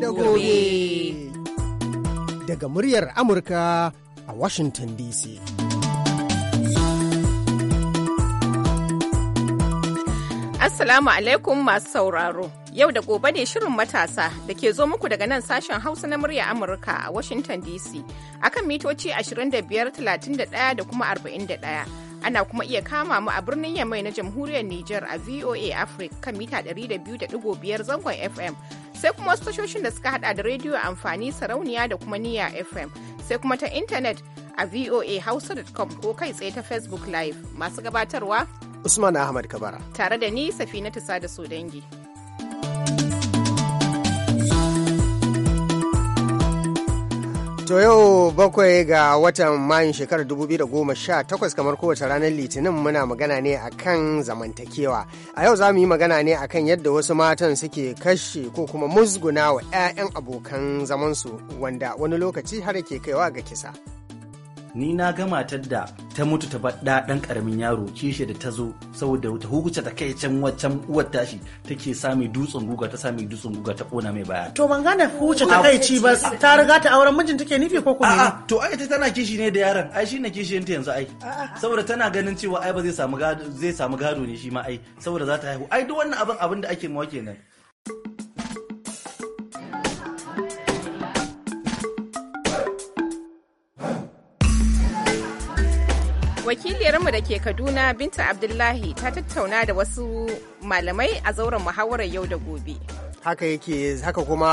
da gobe. Daga muryar Amurka a Washington DC. Assalamu alaikum masu sauraro. Yau da gobe ne shirin matasa da ke zo muku daga nan sashen Hausa na murya Amurka a Washington DC akan mitoci 25, 31 da kuma 41. Ana kuma iya kama mu a birnin Yamai na Jamhuriyar Nijar a VOA Africa kan mita 200.5 zangon FM. Sai kuma wasu tashoshin da suka hada da rediyo amfani sarauniya da kuma niya FM. Sai kuma ta intanet a voahausa.com ko kai tsaye ta Facebook Live. Masu gabatarwa Usman Ahmad Kabara. Tare da ni Tasa Sada Sodangi. dangi. To yau bakwai ga watan Mayun shekarar 2018 kamar kowace ranar Litinin muna magana ne akan zamantakewa. A yau za mu yi magana ne akan yadda wasu matan suke kashe ko kuma musguna wa 'ya'yan abokan zamansu wanda wani lokaci har ke kaiwa ga kisa. ni na ga matar da ta mutu ta faɗa ɗan ƙaramin yaro kishi da ta zo saboda ta hukuce ta kai can waccan uwar tashi take sami dutsen guga ta sami dutsen guga ta ƙona mai baya to ban gane huce ta kai ci ba ta riga ta auren mijin take nufi ko kuma a'a to ai ta tana kishi ne da yaron ai shine kishi ta yanzu ai saboda tana ganin cewa ai ba zai samu gado zai samu gado ne shi ma ai saboda za ta haihu ai duk wannan abin abin da ake mawa kenan wakiliyarmu da ke kaduna binta abdullahi ta tattauna da wasu malamai a zauren muhawarar yau da gobe haka yake haka kuma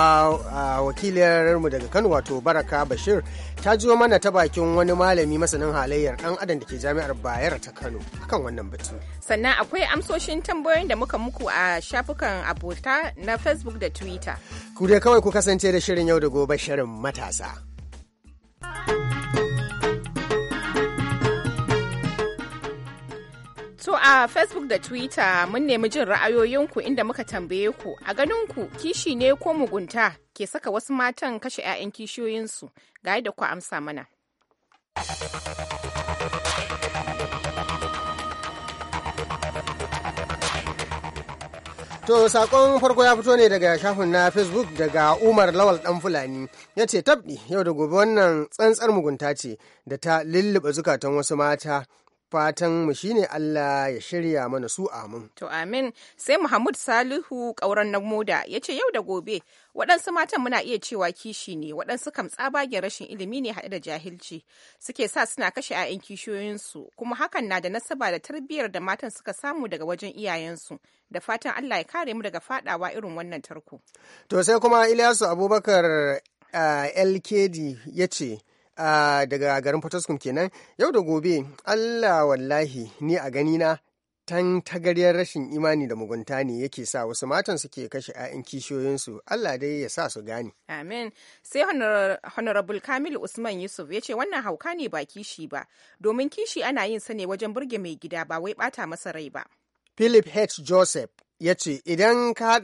wakiliyarmu daga kano wato baraka bashir ta jiwo mana ta bakin wani malami masanin halayyar dan adam da ke jami'ar bayar ta kano akan wannan batu sannan akwai amsoshin tambayoyin da muka muku a shafukan abota na facebook da twitter ku dai kawai ku kasance da shirin yau da gobe shirin matasa To a Facebook da Twitter mun nemi jin ra'ayoyinku inda muka tambaye ku a ganin ku kishi ne ko mugunta ke saka wasu matan kashe 'ya'yan kishiyoyinsu ga yadda ku amsa mana. To sakon farko ya fito ne daga shafin na Facebook daga Umar Lawal Dan Fulani ya ce tabdi yau da gobe wannan tsantsar mugunta ce da ta lullube zukatan wasu mata fatan mu shine Allah ya shirya mana su amin. To amin sai Muhammad Salihu Kauran na moda ya ce yau da gobe waɗansu matan muna iya cewa kishi ne waɗansu kam tsabagen rashin ilimi ne haɗe da jahilci suke sa suna kashe 'ya'yan kishiyoyinsu kuma hakan na da nasaba da tarbiyyar da matan suka samu daga wajen iyayensu da fatan Allah ya kare mu daga faɗawa irin wannan tarko. To sai kuma Ilyasu Abubakar eh, LKD ya ce daga garin Potoskum kenan yau da gobe Allah wallahi ni a ganina tan tagaryar rashin imani da mugunta ne yake sa wasu matan suke kashe 'ya'yan kishiyoyinsu Allah dai ya sa su gane. Amin. Sai Honorable Kamil Usman Yusuf ya ce wannan hauka ne ba kishi ba, domin kishi ana yin sa ne wajen burge mai gida ba wai bata masa rai ba. Philip H. Joseph ya ce idan ka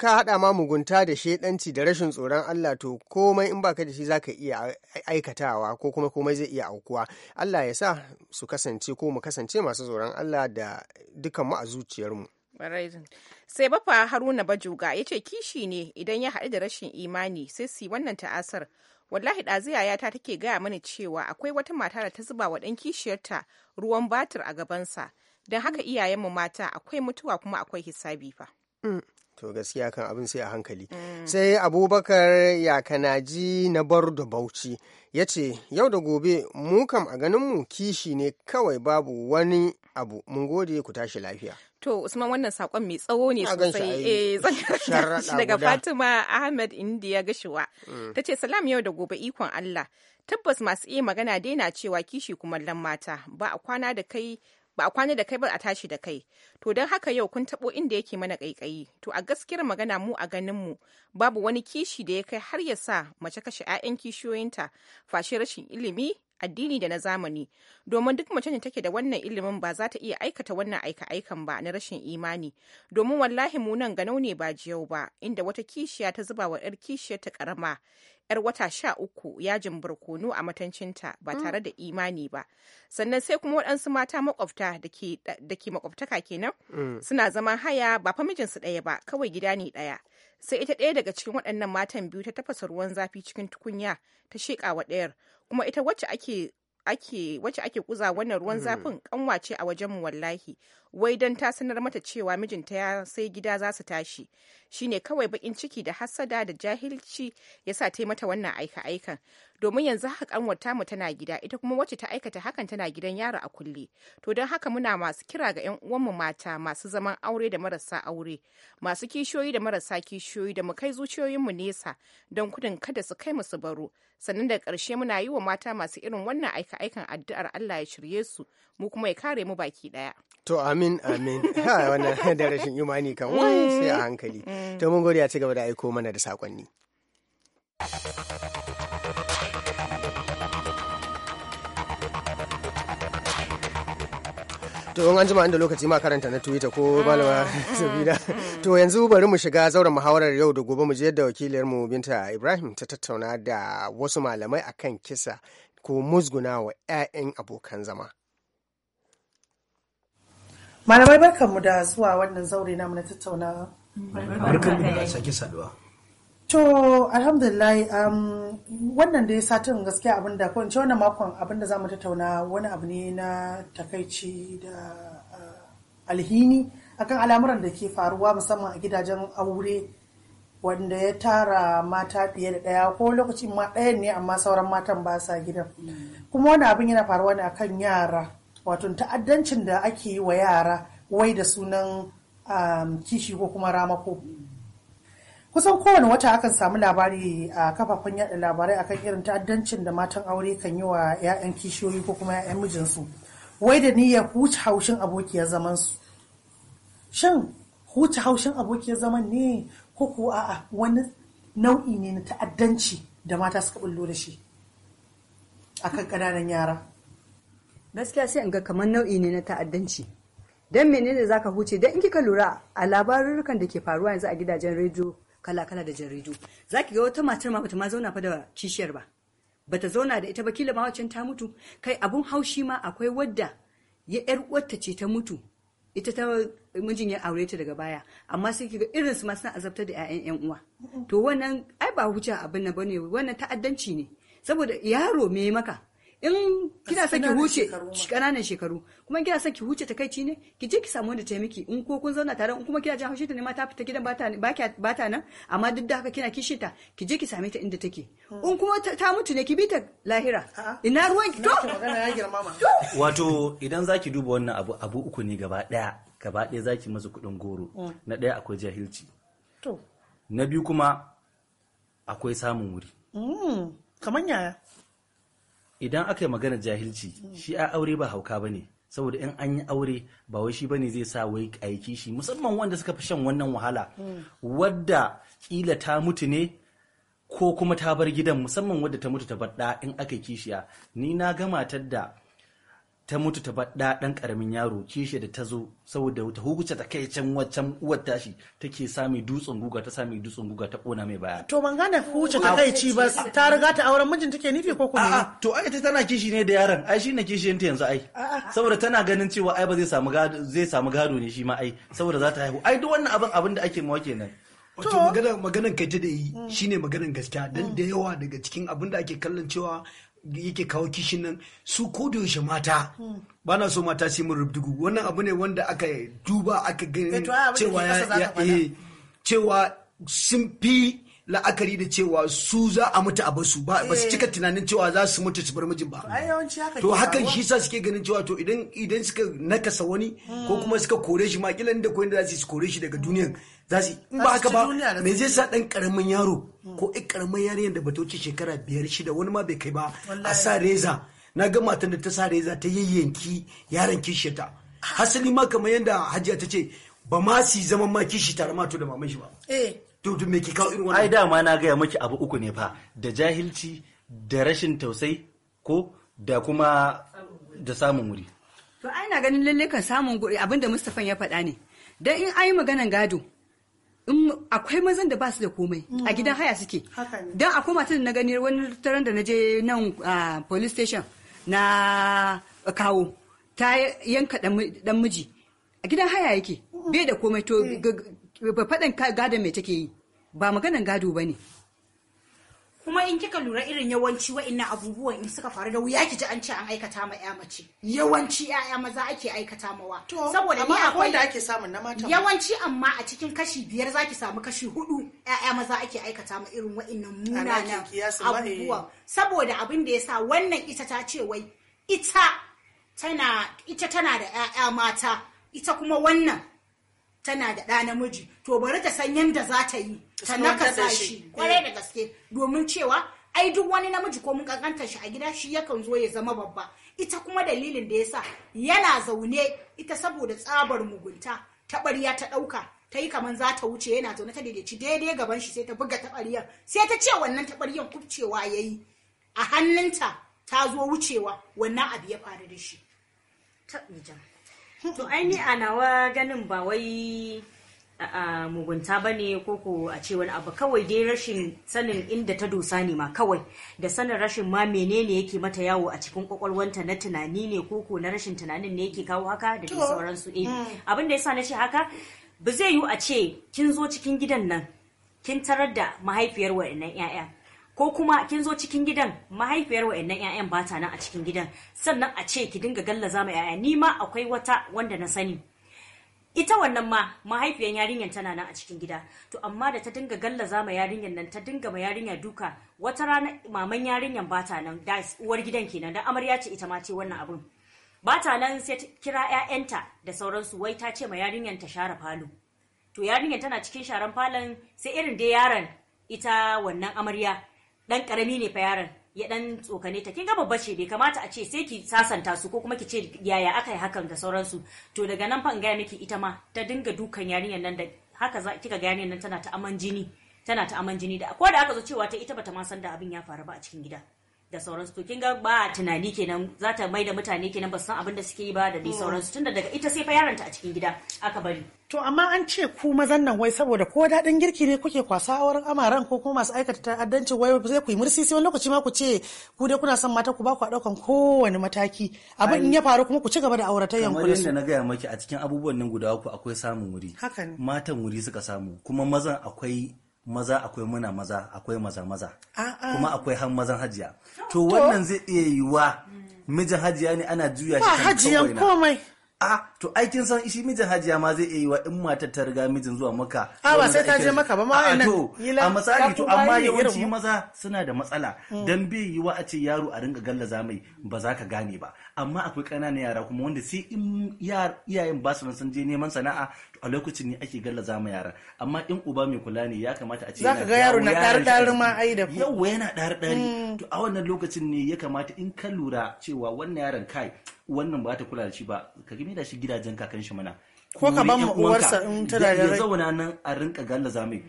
haɗa ma mugunta da shaidanci da rashin tsoron Allah to komai in baka da shi zaka iya aikatawa ko kuma komai zai iya aukuwa Allah ya sa su kasance ko mu kasance masu tsoron Allah da dukan mu a zuciyarmu sai bafa haruna bajuga ya ce kishi ne idan ya haɗu da rashin imani sai su wannan ta'asar wallahi ɗaziya ta take gaya mani cewa akwai wata mata da ta zuba wa ɗan kishiyarta ruwan batir a gabansa don haka iyayen mu mata akwai mutuwa kuma akwai hisabi fa mm. to gaskiya kan abin sai a hankali mm. sai abubakar ya kanaji na bar da bauchi ya ce yau da gobe mu kam a ganinmu kishi ne kawai babu wani abu mun gode ku tashi lafiya to usman wannan sakon mai tsawo ne sosai eh, daga fatima ahmed india gashiwa mm. ta ce salam yau da gobe ikon allah tabbas masu iya magana daina cewa kishi kuma mata ba a kwana da kai ba a kwana da kai ba a tashi da kai to don haka yau kun tabo inda yake mana kaikayi to a gaskiyar magana mu a ganin mu babu wani kishi da ya kai har ya sa mace kashe 'ya'yan kishiyoyinta fashe rashin ilimi addini da na zamani domin duk mace ne take da wannan ilimin ba za ta iya aikata wannan aika-aikan ba na rashin imani domin wallahi mu nan ganau ne ba jiyau ba inda wata kishiya ta zuba wa 'yar kishiyar ta karama 'yar wata sha uku ya jin barkono a matancinta ba mm. tare da imani ba sannan sai kuma waɗansu mata makwabta da ke makwabtaka kenan mm. suna zaman haya ba fa mijinsu ɗaya ba kawai gida ne ɗaya sai ita ɗaya daga cikin waɗannan matan biyu ta tafasa ruwan zafi cikin tukunya ta sheƙa wa ɗayar kuma ita wacce ake ake wacce ake kuza wannan ruwan mm. zafin kanwace a wajen mu wallahi wai dan ta sanar mata cewa mijinta ya sai gida za su tashi shine kawai bakin ciki da hassada da jahilci ya sa ta yi mata wannan aika-aikan domin yanzu haka kanwarta mu tana gida ita kuma wacce ta aikata hakan tana gidan yara a kulle to don haka muna masu kira ga yan uwanmu mata masu zaman aure da marasa aure masu kishiyoyi da marasa kishiyoyi da mu kai zuciyoyinmu nesa don kudin kada su kai mu su baro sannan da ƙarshe muna yi wa mata masu irin wannan aika-aikan addu'ar Allah ya shirye su mu kuma ya kare mu baki daya to amin amin ha wannan da rashin imani kan wai sai a hankali mm. to mun gode a ci da aiko mana da sakonni to in an jima inda lokaci ma karanta na twitter ko balawa ah, mm, sabida mm, mm. to yanzu bari mu shiga zauren muhawarar yau da gobe mu je da wakiliyar mu binta ibrahim ta tattauna da wasu malamai akan kisa ko musguna wa 'ya'yan abokan zama malamai barkanmu da zuwa wannan zaure namu na tattauna. barkan da sake saduwa to alhamdulillah um, wannan da ya satin gaskiya abin da kwanci wannan makon abin da zamu tattauna wani abu ne na takaici da uh, alhini akan al'amuran da ke faruwa musamman a gidajen aure wanda ya tara mata fiye da ɗaya ko lokacin ma ɗaya ne amma sauran matan ba sa gidan mm. kuma wani abin yana faruwa ne akan yara wato ta'addancin da ake yi wa yara wai da sunan Um, kishi ko kuma ramako kusan kowane wata akan samu labari a kafafen yada labarai akan irin ta'addancin da matan aure kan yi wa 'ya'yan kishiyoyi ko kuma 'ya'yan mijinsu wai da niyyar huce haushin abokiyar zaman su shin huce haushin abokiyar zaman ne ko ko a'a wani nau'i ne na ta'addanci da mata suka bullo da shi akan ƙananan yara gaskiya sai in ga kamar nau'i ne na ta'addanci don menene zaka huce don in kika lura a labarurukan da ke faruwa yanzu a gidajen rediyo kala-kala da jaridu ki ga wata matar ma bata ma zauna fa da kishiyar ba bata zauna da ita ba kila ma ta mutu kai abun haushi ma akwai wadda ya yar uwarta ce ta mutu ita ta mijin ya aure ta daga baya amma sai ki ga irin su ma suna azabtar da ƴaƴan ƴan uwa to wannan ai ba huce abin nan bane wannan ta'addanci ne saboda yaro me maka in kina son ki huce kananan shekaru kuma kina son ki huce takaici ne ki je ki samu wanda ta miki in ko kun zauna tare in kuma kina jin haushin ta ne ma ta fita gidan ba ta nan amma duk da haka kina kishin ta ki je ki same ta inda take hmm. in kuma ta mutu ne ki bi ta lahira ina ruwan ki to wato idan zaki duba wannan abu abu uku ne gaba daya gaba daya zaki masa kudin goro hmm. na daya akwai jahilci to na biyu kuma akwai samun wuri hmm. kamar yaya idan aka yi magana jahilci shi a aure ba hauka ba ne saboda in an yi aure ba wai shi ba ne zai sa wai aiki kishi musamman wanda suka fi shan wannan wahala hmm. wadda kila ta mutu ne ko kuma ta bar gidan musamman wadda ta mutu ta bar in aka kishiya ni na gamatar tadda da ta mutu ta baɗa ɗan ƙaramin yaro kishe da ta zo saboda ta hukuce ta kai can waccan uwar tashi take sami dutsen guga ta sami dutsen guga ta ƙona mai baya. To ban gane hukuce ta kai ci ba ta riga ta auren mijin take nufi ko kuma. A'a to ai ta tana kishi ne da yaron ai ne kishi ta yanzu ai. Saboda tana ganin cewa ai ba zai samu gado zai samu gado ne shi ma ai saboda za ta haihu ai duk wannan abin abin da ake mawa kenan. Wato maganar maganar kai ta da yi mm. shine maganar gaskiya dan mm. da yawa daga cikin abin da ake kallon cewa yake kawo kishin nan su ko da yaushe mata ba na so mata su mun rubdugu wannan abu ne wanda aka duba aka gani eh, cewa ya eh, cewa sun fi la'akari da cewa su za a mutu a basu ba ba su eh. cika tunanin cewa za su mutu su bar mijin ba to hakan shi sa suke ganin cewa to idan idan suka nakasa wani ko hmm. kuma suka kore shi ma kila da ko da za su kore shi daga duniyan za su in ba haka ba me zai sa dan karamin yaro hmm. ko ik karamin yarinyar da bata wuce shekara biyar shida wani ma bai kai ba a sa reza na ga matan da ta sa reza ta yayyanki yaron kishiyarta hasali ma kamar yadda hajiya ta ce ba ma su zama ma kishi tare ma to da maman shi ba eh. to me irin wannan ai dama na gaya maki abu uku ne fa da jahilci da rashin tausayi ko da kuma da samun wuri to ai na ganin lalle kan samun guri da Mustapha ya faɗa ne dan in ai maganan gado in akwai mazan da ba su da komai a mm. gidan haya suke dan akwai da na gani wani taron da na je nan police station na kawo ta yanka dan miji a gidan haya yake bai da komai to eh. faɗin gadon mai take yi ba maganan gado ba ne kuma in kika lura irin yawanci wa'annan abubuwan in suka faru da wuya ki ji an ce an aikata ma ya mace yawanci ya'ya maza ake aikata mawa saboda ni akwai da ake samu na mata yawanci amma a cikin kashi biyar zaki samu kashi hudu ya'ya maza ake aikata ma irin wa'annan munanan abubuwa saboda abin da yasa wannan ita ta ce wai ita tana ita tana da ya'ya mata ita kuma wannan tana da ɗa namiji to bari ta san yadda za ta yi ta nakasa shi kwarai da eh. gaske domin cewa ai duk wani namiji ko mun kankanta shi a gida shi yakan zo ya zama babba ita kuma dalilin da ya sa yana zaune ita saboda tsabar mugunta taɓarya ta ɗauka ta yi kamar za ta wuce yana zaune ta daidaici daidai gaban shi sai ta buga taɓaryar sai ta ce wannan taɓaryar kubcewa ya yi a hannunta ta zo wucewa wannan abu ya faru da shi. to aini a nawa ganin ba wai mugunta ba ne koko a ce wani abu kawai dai rashin sanin inda ta dosa ne ma kawai da sanin rashin ma menene yake mata yawo a cikin kwakwalwanta na tunani ne koko na rashin tunanin ne yake kawo haka da dai sauransu eh mm. abin da yasa na ce haka ba zai yiwu a ce kin zo cikin gidan nan kin tarar da mahaifiyar wa'annan 'ya'ya ko kuma kin zo cikin gidan mahaifiyar wa'annan 'ya'yan ba ta nan a cikin gidan sannan a ce ki dinga gallaza ma 'ya'ya ni ma akwai wata wanda na sani ita wannan ma mahaifiyar yarinyar tana nan a cikin gida to amma da ta dinga gallaza ma yarinyar nan ta dinga ma yarinyar duka wata rana maman yarinyar ba ta nan da uwar gidan kenan da amarya ce ita ma ce wannan abun ba ta nan sai ta kira 'ya'yanta da sauransu wai ta ce ma yarinyar ta share falo to yarinyar tana cikin sharan falon sai irin dai yaron ita wannan amarya dan karami ne fa yaron ya dan tsokane ta kin ga babba ce bai kamata a ce sai ki sasanta su ko kuma ki ce yaya aka yi hakan da sauransu to daga nan fa in gaya miki ita ma ta dinga dukan yarinyar nan da haka za kika ga yarinyar nan tana ta aman jini tana ta aman jini da ko da aka zo cewa ta ita bata ma san da abin ya faru ba a cikin gida da sauransu to kin ga ba tunani kenan za ta mai da mutane kenan ba san abin da suke yi ba da dai hmm. sauransu tunda daga ita sai fa yaranta a cikin gida aka bari to amma an ce ku mazan nan wai saboda ko daɗin girki ne kuke kwasa a wurin amaran ko kuma masu aikata ta'addanci wai sai ku yi mursi sai wani lokaci ma ku ce ku dai kuna son mata ku ba ku ɗaukan kowane mataki abin in ya faru kuma ku ci gaba da auratayyan ku kamar yadda na gaya maki a cikin abubuwan nan guda ku akwai samun wuri matan wuri suka samu kuma mazan akwai maza akwai muna maza akwai maza maza kuma akwai han mazan hajiya to wannan zai iya yiwa mijin hajiya ne ana juya shi kan hajiyan komai a to aikin san shi mijin hajiya ma zai iya yiwa in matar ta riga mijin zuwa maka a ba sai ta je maka ba ma to a misali to amma yawanci maza suna da matsala mm. dan bai yiwa a ce yaro a ringa gallaza mai ba za ka gane ba amma akwai ƙananan yara kuma wanda sai in iyayen ba su nan sun je neman sana'a to a lokacin ne ake gallaza ma yara amma in uba mai kula ne ya kamata a ce zaka ga yaro na dar ma ai da yawa yana ɗari ɗari mm. to a wannan lokacin ne ya kamata in ka lura cewa wannan yaron kai wannan ba ta kula da shi ba ka da shi gidajen kakan shi mana ko ka ban uwarsa in ta da ya zauna nan a rinka gallaza mai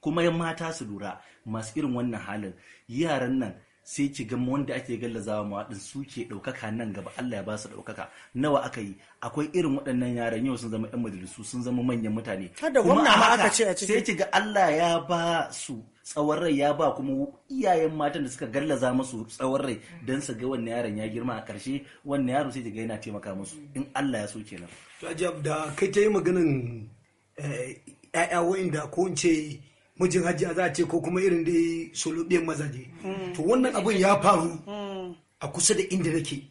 kuma yan mata su lura masu irin wannan halin yaran nan sai ki ga wanda ake gallazawa ma din su ke ɗaukaka nan gaba Allah ya ba su ɗaukaka nawa aka yi akwai irin waɗannan yaran yau sun zama yan majalisu sun zama manyan mutane kuma haka sai ki ga Allah ya ba su tsawon rai ya ba kuma iyayen matan da suka gallaza musu tsawon rai don su ga wannan yaron ya girma a karshe wannan yaron sai ga yana taimaka musu in Allah ya so kenan to da kai ta yi maganin eh, ƴaƴa wa'inda ko in ce mijin hajiya za a ce ko kuma irin da solobiyan mazaje to wannan abun ya faru a kusa da inda nake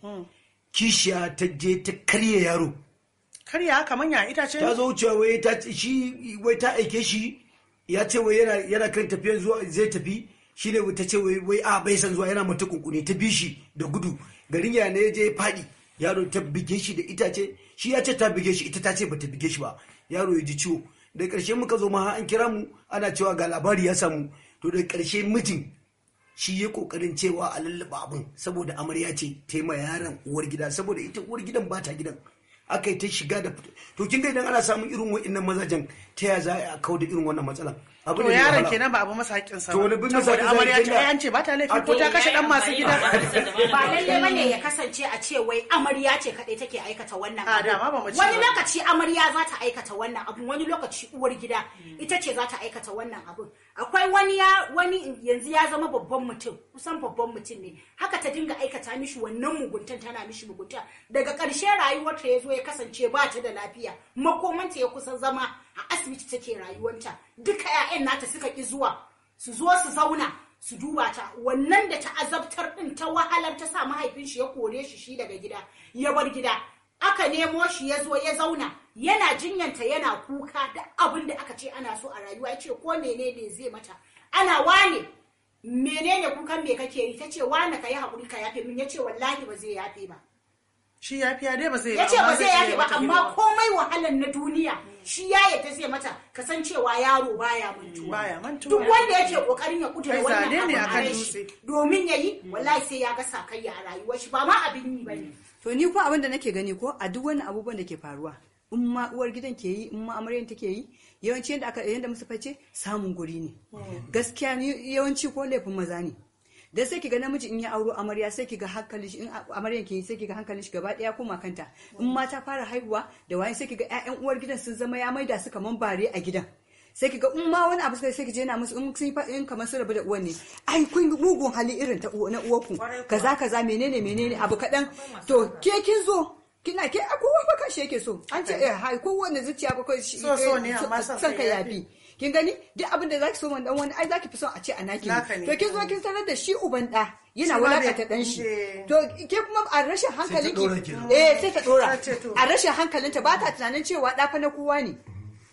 kishiya ta je ta karya yaro karya manya ya itace ta zo wucewa wai ta shi wai ta aike shi ya ce wai yana kan tafiyan zuwa zai tafi shi ne ta ce wai a bai san zuwa yana mata kunkuni ta bi shi da gudu garin ya ne je fadi yaro ta bige shi da itace shi ya ce ta bige shi ita ta ce bata bige shi ba yaro ya ji ciwo da ƙarshe muka zo ma an kira mu ana cewa ga labari ya samu to da karshe mijin shi ya kokarin cewa a lallaba abin saboda amarya ce taima yaron uwar gida saboda ita uwar gidan ba ta gidan aka yi ta shiga da fita to kin ga idan ana samun irin wa'annan mazajen ta ya za a kawo da irin wannan matsalan abu ne yaron kenan ba abu masa haƙƙin sa to lubin masa amarya ce ai an ce ba ta laifi ko ta kashe dan masu gida ba lalle bane ya kasance a ce wai amarya ce kadai take aikata wannan a da ba mace wani lokaci amarya za ta aikata wannan abu wani lokaci uwar gida ita ce za ta aikata wannan abu akwai wani ya wani yanzu ya zama babban mutum kusan babban mutum ne haka ta dinga aikata mishi wannan muguntan tana mishi mugunta daga ƙarshe rayuwarta ya zo ya kasance ba ta da lafiya makomanta ya kusan zama asibiti take rayuwanta duka 'ya'yan nata suka ki zuwa su zo su zauna su duba ta wannan da ta azabtar din ta wahalar ta sa mahaifin shi ya kore shi shi daga gida ya bar gida aka nemo shi ya zo ya zauna yana jinyanta yana kuka da abin da aka ce ana so a rayuwa ya ce ko menene zai mata ana wane menene kukan me kake yi ta ce wane ka yi haƙuri ka yafe min ya ce wallahi ba zai yafe ba shi ya fiya ba zai ya ce ba zai ba amma komai wahalar na duniya shi ya yadda zai mata kasancewa yaro mm, baya mantuwa duk wanda yake kokarin ya kudura wannan abin shi domin yayi mm. wallahi sai ya gasa sakayya a rayuwar shi ba ma abin yi bane mm. to ni ko abin da nake gani ko a duk wani abubuwan da ke faruwa in ma uwar gidan ke yi in ma amaryan take yi yawanci yadda aka yadda musu face samun guri ne gaskiya yawanci ko laifin maza ne dan sai kiga namiji in ya auro amarya sai kiga hankali in amaryan ke sai kiga hankalin shi gaba daya kuma kanta in mm. ma ta fara haihuwa da waye sai kiga ƴaƴan uwar gidan sun zama ya maida su kaman bare a gidan sai kiga in ma wani abu sai kije yana musu in sun in kamar su rabu da uwan ne ai kun mugun hali irin ta na uwarku kaza kaza menene menene abu kadan to ke kin zo kina ke kowa wani kashi yake so an ce eh hai kowanne zuciya ba kai so so ne eh, amma san kai yafi kin gani duk abin da zaki so man dan wani ai zaki fi son a ce a naki to kin zo eh. kin sanar da shi uban da yana wulakata dan shi eh. to ke kuma a rashin hankalinki eh sai ta dora a rashin hankalinta ba ta tunanin cewa da fa na kowa ne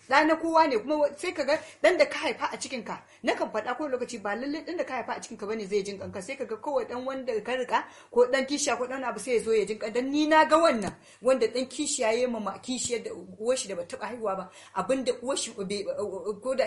da na kowa ne kuma sai ka ga dan da ka haifa a cikin ka na kan faɗa ko lokaci ba lalle dan da ka haifa a cikin ka bane zai jin kanka sai ka ga kawai dan wanda ka rika ko dan kishiya ko dan abu sai ya zo ya jin kanka dan ni na ga wannan wanda dan kishiya ya mama kishiyar da uwar da ba taba haihuwa ba abinda uwar ko da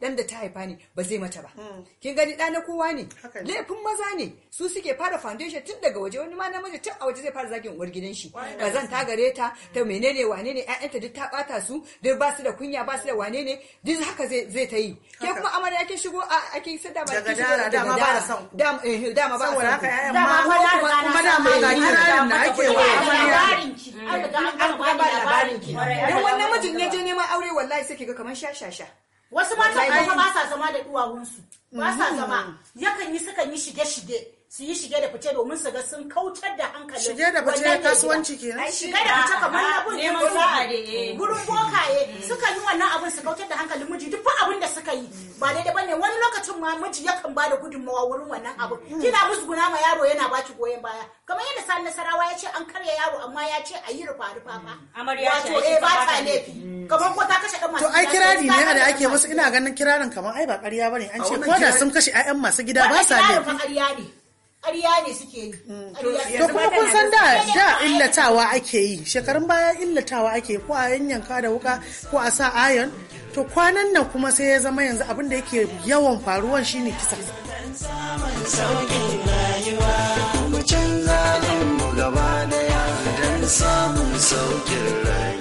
dan da ta haifa ne ba zai mata ba hmm. kin gani ɗana kowa ne laifin maza ne su suke fara foundation tun daga waje wani ma namiji tun a waje zai fara zagin uwar gidan shi kazan ta gare ta ta menene wane ne ƴaƴanta duk ta bata su duk ba su da kunya ya ba su da wane ne duk haka zai ta yi ke kuma amarya ake shigo a ake da ba daga da dama ba da son dama eh, dama ba da son dama ba son kuma dama ga kirarin da ake wa amarya an ba labarin ki dan wannan mijin ne je neman aure wallahi sai kiga kamar shashasha wasu mata ba sa zama da duwawunsu ba sa mm-hmm. zama yakan yi sukan yi shige-shige su yi shige da fice domin su ga sun kautar da hankalin shige da fice kasuwanci nan shige da fice kamar na gun neman sa'ade gurin bokaye suka yi wannan abin su kautar da hankalin miji duk abin da suka yi ba daidai bane wani lokacin ma miji yakan bada gudunmawa wurin wannan abu mm. kina musguna ma yaro yana baki goyon baya kamar yadda sa nasarawa ya ce an karya yaro amma ya ce a yi rufa rufa fa mm. wato ce eh, ba ta laifi kamar ko ta kashe dan masu to ai kirari ne da ake musu ina ganin kirarin kamar ai ba ƙarya bane an ce ko da sun kashe 'ya'yan masu gida ba sa laifi ƙarya ne suke yi. Mm. To kuma kun san da da illatawa ake yi shekarun baya illatawa ake ko a yanka da wuka ko a sa ayon to kwanan nan kuma sai ya zama yanzu abin da yake yawan faruwan shine kisa. Samun sauƙin rayuwa.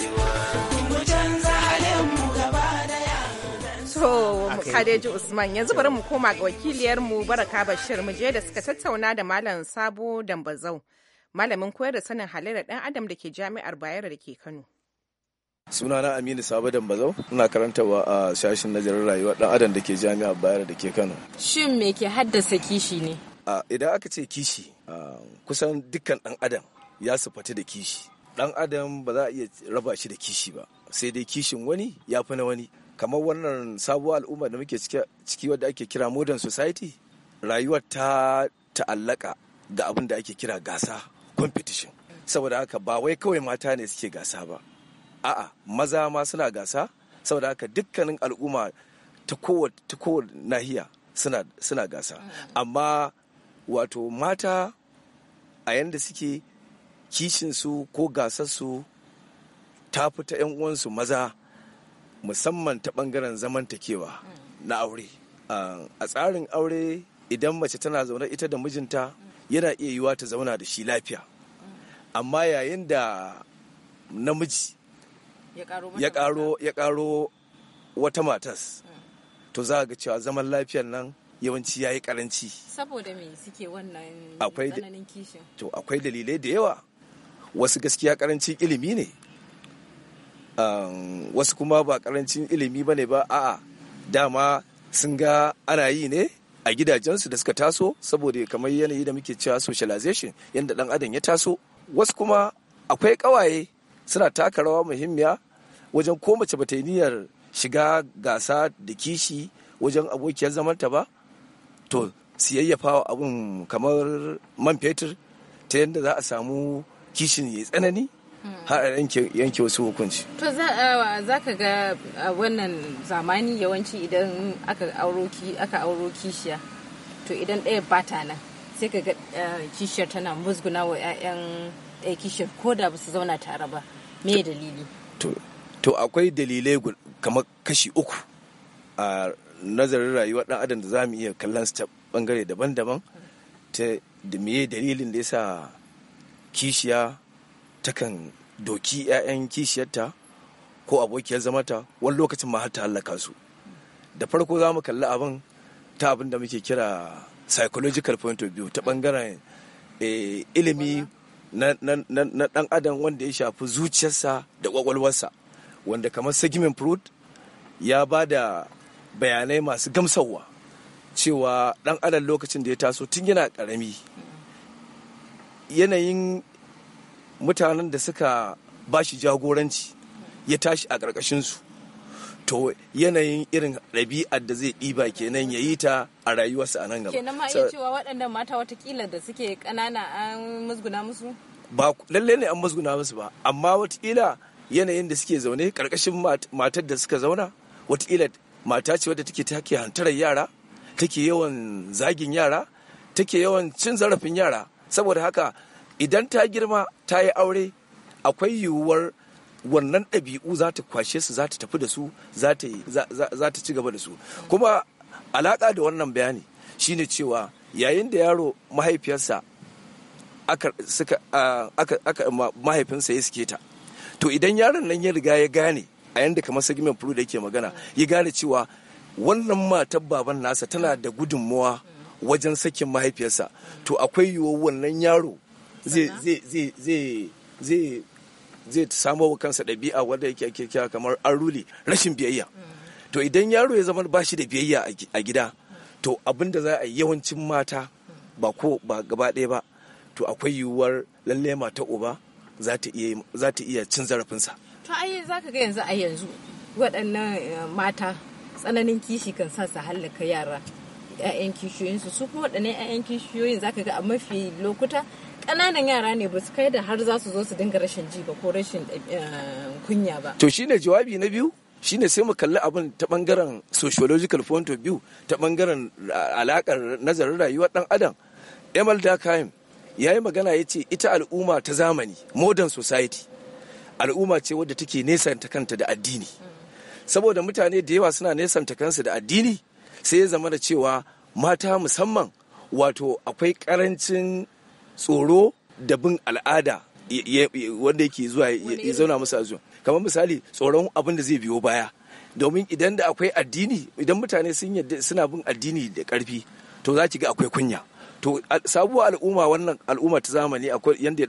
Kadeji Usman yanzu bari mu koma ga wakiliyarmu Baraka Bashir mu je da suka tattauna da Malam Sabo Dambazau malamin koyar da sanin halayyar dan adam da ke Jami'ar Bayero da ke Kano. sunana aminu sabo dambazau ina karantawa a sashen najarar rayuwar dan adam da ke jami'ar bayar da ke kano shin me ke haddasa kishi ne idan aka ce kishi kusan dukkan dan adam ya sufata da kishi dan adam ba za a iya raba shi da kishi ba sai dai kishin wani ya fi na wani kamar wannan sabuwar al'umma da muke ciki wadda ake kira modern society rayuwar ta ta'allaka ga abin da ake kira gasa competition saboda haka ba wai kawai mata ne suke gasa ba a'a maza ma suna gasa saboda haka dukkanin al'umma ta kowace nahiya suna gasa amma wato mata a yanda suke kishinsu ko gasarsu ta fi ta 'yan uwansu maza musamman ta bangaren zamantakewa na aure a tsarin aure idan mace tana zaune ita da mijinta yana iya yiwa ta zauna da shi lafiya amma yayin da namiji ya karo wata matas mm. to za ga cewa zaman lafiyar nan yawanci ya yi karanci saboda me suke wannan tsananin kishin to akwai dalilai da yawa wasu gaskiya karancin ilimi ne wasu kuma ba karancin ilimi ba ne ba a'a dama sun ga ana yi ne a gidajensu da suka taso saboda kamar yanayi da muke cewa socialization yadda dan adam ya taso wasu kuma akwai kawaye suna taka rawa muhimmiya wajen ko mace bata yi niyyar shiga gasa da kishi wajen abokiyar zamanta ba to siyayyafa abun kamar man fetur ta yadda za a samu kishin ya tsanani har a yanke wasu hukunci. To za ka ga wannan zamani yawanci idan aka auro kishiya to idan ɗaya bata nan sai ka ga kishiyar tana musguna wa 'ya'yan ɗaya kishiyar ko da ba su zauna tare ba me dalili. To akwai dalilai kamar kashi uku a nazarin rayuwa ɗan adam da za mu iya kallon su ta bangare daban-daban ta dalilin da ya sa kishiya takan doki 'ya'yan kishiyarta ko abokiyar ta wani lokacin ma har ta hallaka su da farko za mu kalli abin ta abin da muke kira psychological point of view ta bangaren eh, ilimi na, dan adam wanda ya shafi zuciyarsa da kwakwalwarsa wanda kamar segment fruit ya ba da bayanai masu gamsarwa cewa dan adam lokacin da ya taso tun yana karami yanayin mutanen da suka ba shi jagoranci ya tashi a ƙarƙashinsu to yanayin irin ɗabi'ar da zai ɗiba kenan ya yi ta a rayuwarsa a nan gaba. Kenan ma iya cewa waɗannan mata watakila da suke ƙanana an musguna musu? Ba lallai ne an musguna musu ba, amma watakila yanayin da suke zaune ƙarƙashin matar da suka zauna, watakila mata ce wadda take take hantarar yara, take yawan zagin yara, take yawan cin zarafin yara. Saboda haka idan ta girma ta yi aure akwai yiwuwar wannan ɗabi'u za ta kwashe su za ta tafi da su za ta ci gaba da su kuma alaƙa da wannan bayani shine cewa yayin da yaro mahaifiyarsa aka mahaifinsa ya suke ta to idan yaron nan ya riga ya gane a yanda kamar segment furu da yake magana ya gane cewa wannan matar baban nasa tana da gudunmuwa wajen sakin mahaifiyarsa to akwai yiwuwar wannan yaro zai samo wa kansa ɗabi'a wanda yake kirkira kamar an ruli rashin biyayya mm. to idan yaro ya zama bashi da biyayya a gida to abin za a yawancin mata ba ko ba gaba ɗaya ba to akwai yiwuwar lalle mata uba za ta iya cin zarafinsa to ai za ka ga yanzu a yanzu waɗannan eh, mata tsananin kishi kan sa su hallaka yara 'ya'yan kishiyoyinsu su kuma waɗannan 'ya'yan kishiyoyin za ka ga a mafi lokuta kananan yara ne ba su kai da har za su zo su dinga rashin ji ba ko rashin eh, kunya ba to shine jawabi na biyu shine sai mu kalli abin ta bangaren sociological point of view ta bangaren eh, alakar nazarin rayuwar ɗan adam Emil dakaim ya yi magana ya ce ita al'umma ta zamani modern society al'umma ce wadda take nesanta kanta da addini saboda mutane da yawa suna nesanta kansu da addini sai ya zama da cewa mata musamman wato akwai karancin tsoro da bin al'ada wanda yake zuwa ya zauna musu a zuwa kamar misali tsoron abin da zai biyo baya domin idan da akwai addini idan mutane sun yadda suna bin addini da karfi to za ki ga akwai kunya to sabuwar al'umma wannan al'umma ta zamani akwai yadda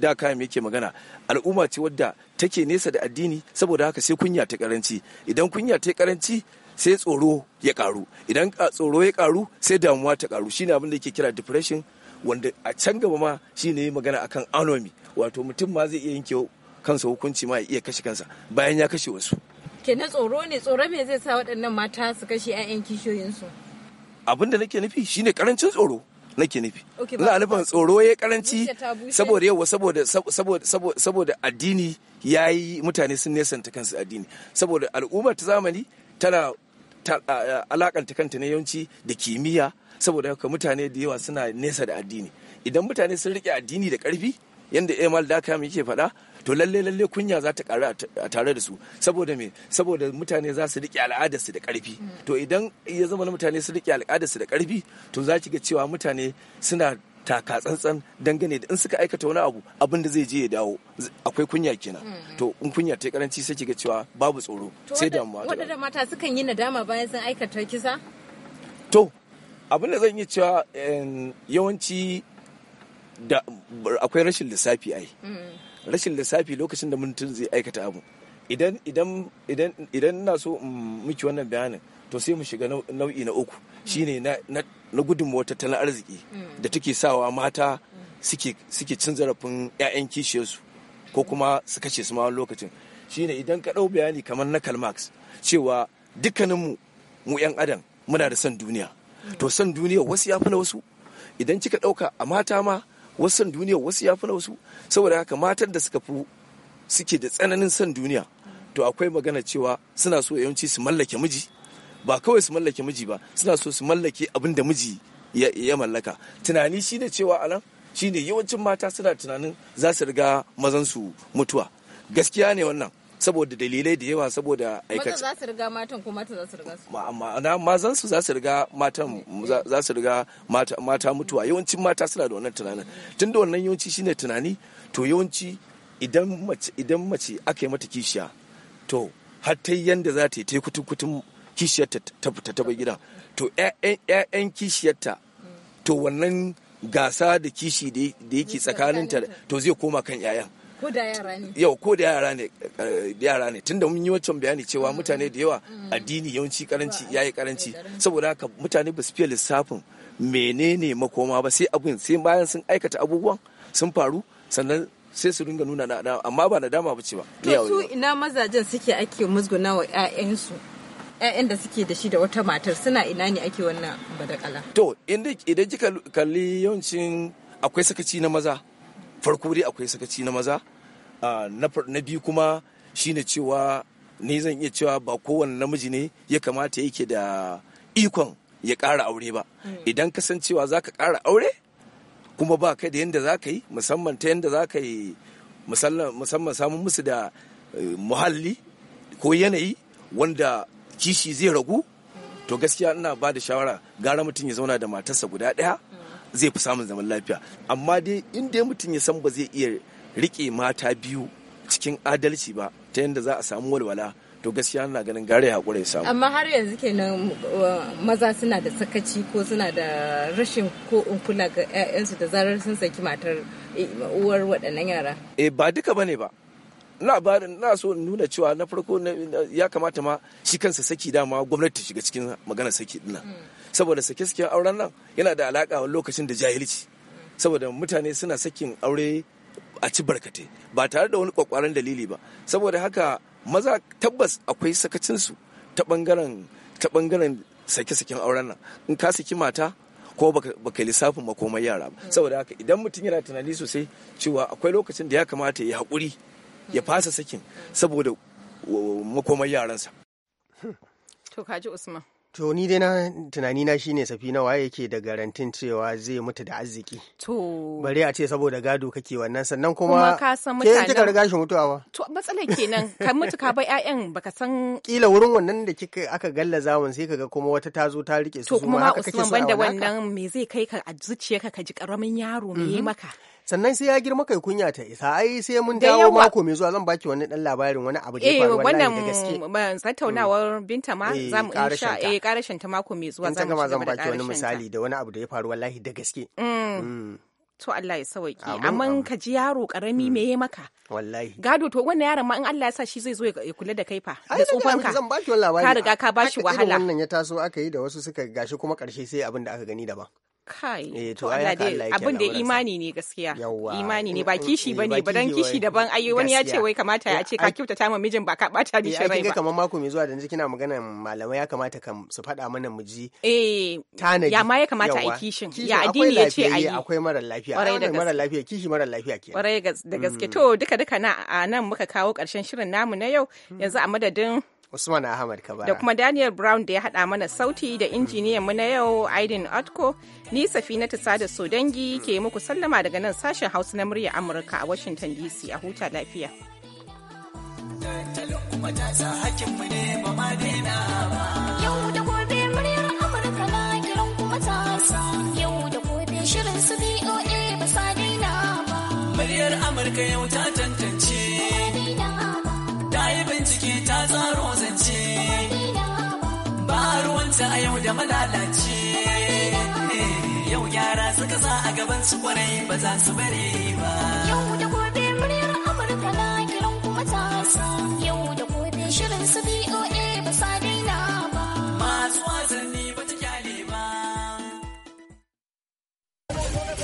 da kayan yake magana al'umma ce wadda take nesa da addini saboda haka sai kunya ta karanci idan kunya ta karanci sai tsoro ya karu idan tsoro ya karu sai damuwa ta karu shine abin da ke kira depression wanda a can gaba ma shine ne magana akan anomi wato mutum ma zai iya yanke kansa hukunci ma ya iya kashe kansa bayan ya kashe wasu kenan tsoro ne tsoro me zai sa waɗannan mata su kashe 'ya'yan kishiyoyinsu abin da nake nufi shine karancin tsoro nake nufi ina nufin tsoro ya karanci saboda yawa saboda saboda addini yayi mutane sun nesanta kansu addini saboda al'ummar ta zamani tana alakanta kanta ne yawanci da kimiyya saboda haka mutane da yawa suna nesa da addini idan mutane sun rike addini da karfi yanda Emal mai yake faɗa to lalle lalle kunya za ta karu a tare da su saboda me saboda mutane za su rike al'adarsu su da karfi to idan ya zama mutane sun rike al'adarsu da karfi to za ki ga cewa mutane suna taka tsantsan dangane da in suka aikata wani abu abin da zai je ya dawo akwai kunya kenan hmm. to in kunya ta karanci sai ki ga cewa babu tsoro sai damuwa wadanda mata sukan yi nadama bayan sun aikata kisa to abin da zan yi cewa yawanci da akwai rashin lissafi ai mm. rashin lissafi lokacin da mutum zai aikata abu idan idan idan idan na so miki wannan bayanin to sai mu shiga nau'i na uku mm. shine na na ta tana arziki mm. da take sawa mata suke suke cin zarafin 'ya'yan kishiyarsu ko kuma su kace su ma wani lokacin shine idan ka ɗau bayani kamar na Karl Marx cewa dukkaninmu mu 'yan adam muna da son duniya to san duniya wasu ya fi na wasu idan kika ɗauka a mata ma wasu san duniya wasu ya fi na wasu saboda haka matan da suka fi suke da tsananin san duniya to akwai magana cewa suna so yawanci su mallake miji ba kawai su mallake miji ba suna so su mallake abin da miji ya mallaka tunani shi ne cewa shi shine yawancin mata suna tunanin za su riga mazan su mutuwa gaskiya ne wannan saboda dalilai da yawa saboda aikace za su riga matan ko mata za su riga su ma'ana mazan su za su riga matan za su riga mata mutuwa yawancin mata suna da wannan tunanin tunda wannan yawanci shine tunani to yawanci idan mace idan mace aka yi mata kishiya to har ta yanda za ta yi ta kutun kishiyarta ta fita ta bai gida to ƴaƴan kishiyarta to wannan gasa da kishi da yake tsakaninta to zai koma kan 'ya'yan ko da yara ne yau ko da yara ne eh, yara ne tunda mun yi wancan bayani cewa mm. mutane da yawa mm. addini yawanci karanci yayi karanci saboda haka mutane ba su fiye lissafin menene makoma ba sai abin sai bayan sun aikata abubuwan sun faru sannan sai su ringa nuna na amma ba na dama bace ba to su ina mazajen suke ake musguna wa ƴaƴansu ƴaƴan da suke da shi da wata matar suna ina ne ake wannan badakala to idan kika kalli yawancin akwai sakaci na maza farko dai akwai sakaci na maza na biyu kuma shine cewa ni zan iya cewa ba kowane namiji ne ya kamata yake da ikon ya kara aure ba hmm. idan kasancewa za ka ƙara aure kuma ba kai da yadda za ka yi musamman ta yadda za ka yi musamman samun musu da eh, muhalli ko yanayi wanda kishi zai ragu to gaskiya ina ba da shawara gara mutum ya zauna da matarsa guda ɗaya zai fi samun zaman lafiya amma dai inda mutum ya san ba zai iya rike mata biyu cikin adalci ba ta yadda za a samu walwala to gaskiya na ganin gare haƙura ya samu amma har yanzu kenan maza suna da sakaci ko suna da rashin ko in kula ga 'ya'yansu da zarar sun saki matar eh, uwar waɗannan yara eh ba duka bane ba labarin na so nuna cewa na farko ya kamata ma shi kansa saki dama gwamnati shiga cikin magana saki dina mm. saboda sake sakin auren nan yana da alaka lokacin da jahilci saboda mutane suna sakin aure a ci barkate ba tare da wani kwakwaran dalili ba saboda haka maza tabbas akwai sakacinsu ta bangaren ta bangaren sake sakin auren nan in ka saki mata ko baka lissafin makomai yara ba mm. saboda haka idan mutum yana tunani sosai cewa akwai lokacin da ya kamata ya haƙuri ya fasa sakin saboda uh, makomar yaransa to kaji usman To ni dai na tunani na shine safina waye yake da garantin cewa zai mutu da arziki. To bari a ce saboda gado kake wannan sannan kuma ka san mutanen ke kika riga shi mutuwa ba. To matsalar kenan ka mutu ka bai ƴaƴan baka san kila wurin wannan da kika aka galla zamun sai kaga kuma wata tazo ta rike su kuma haka kake Usman banda wannan me zai kai ka a zuciyarka ka ji karamin yaro me yi mhm. maka. sannan sai ya girma kai kunya ta isa ai sai mun dawo mako mai zuwa zan baki wani dan labarin wani abu da ya faru wallahi eh, da gaske wannan mm, mm, tattaunawar mm. binta ma eh, za mu insha eh karashin ta mako mai zuwa za gama zan baki wani misali da wani abu da ya faru wallahi da gaske to Allah ya sauke amma ka ji yaro karami me ya maka wallahi gado to wannan yaron ma in Allah ya sa shi zai zo ya kula da kai fa da tsofan ka zan baki wallahi ka riga ka bashi wahala wannan ya taso aka yi da wasu suka gashi kuma karshe sai abin da aka gani daban kai eh, to Allah dai abin da imani ne gaskiya imani ne eh, ba eh, kishi bane ba dan kishi daban ai wani ya ce wai kamata ya ce ka kyautata ma mijin ba ka bata ni rai ba kamar mako mai zuwa da yanzu kina magana malamai ya kamata kam su faɗa mana mu ji eh ya ma ya kamata ai kishin ya addini ya ce ai akwai mara lafiya akwai mara lafiya kishi mara lafiya ke kwarai da gaske mm. to duka duka na nan muka kawo karshen shirin namu na yau yanzu a madadin Usman Ahmad Kabara. Da kuma Daniel Brown da ya haɗa mana sauti da injiniyan mu na yau Aidin otko ni Safina Sada Sodangi ke muku sallama daga nan sashen Hausa na murya Amurka a Washington DC a huta lafiya. Yau da gobe muryar Amurka na kiran kuma ta yau da gobe shirin su BOA ba sa daina ba. Muryar Amurka yau ta da malalaci eh, yau yara suka sa a gaban su kwarai ba za su bari ba yau da gobe muryar amurka na kiran kuma ta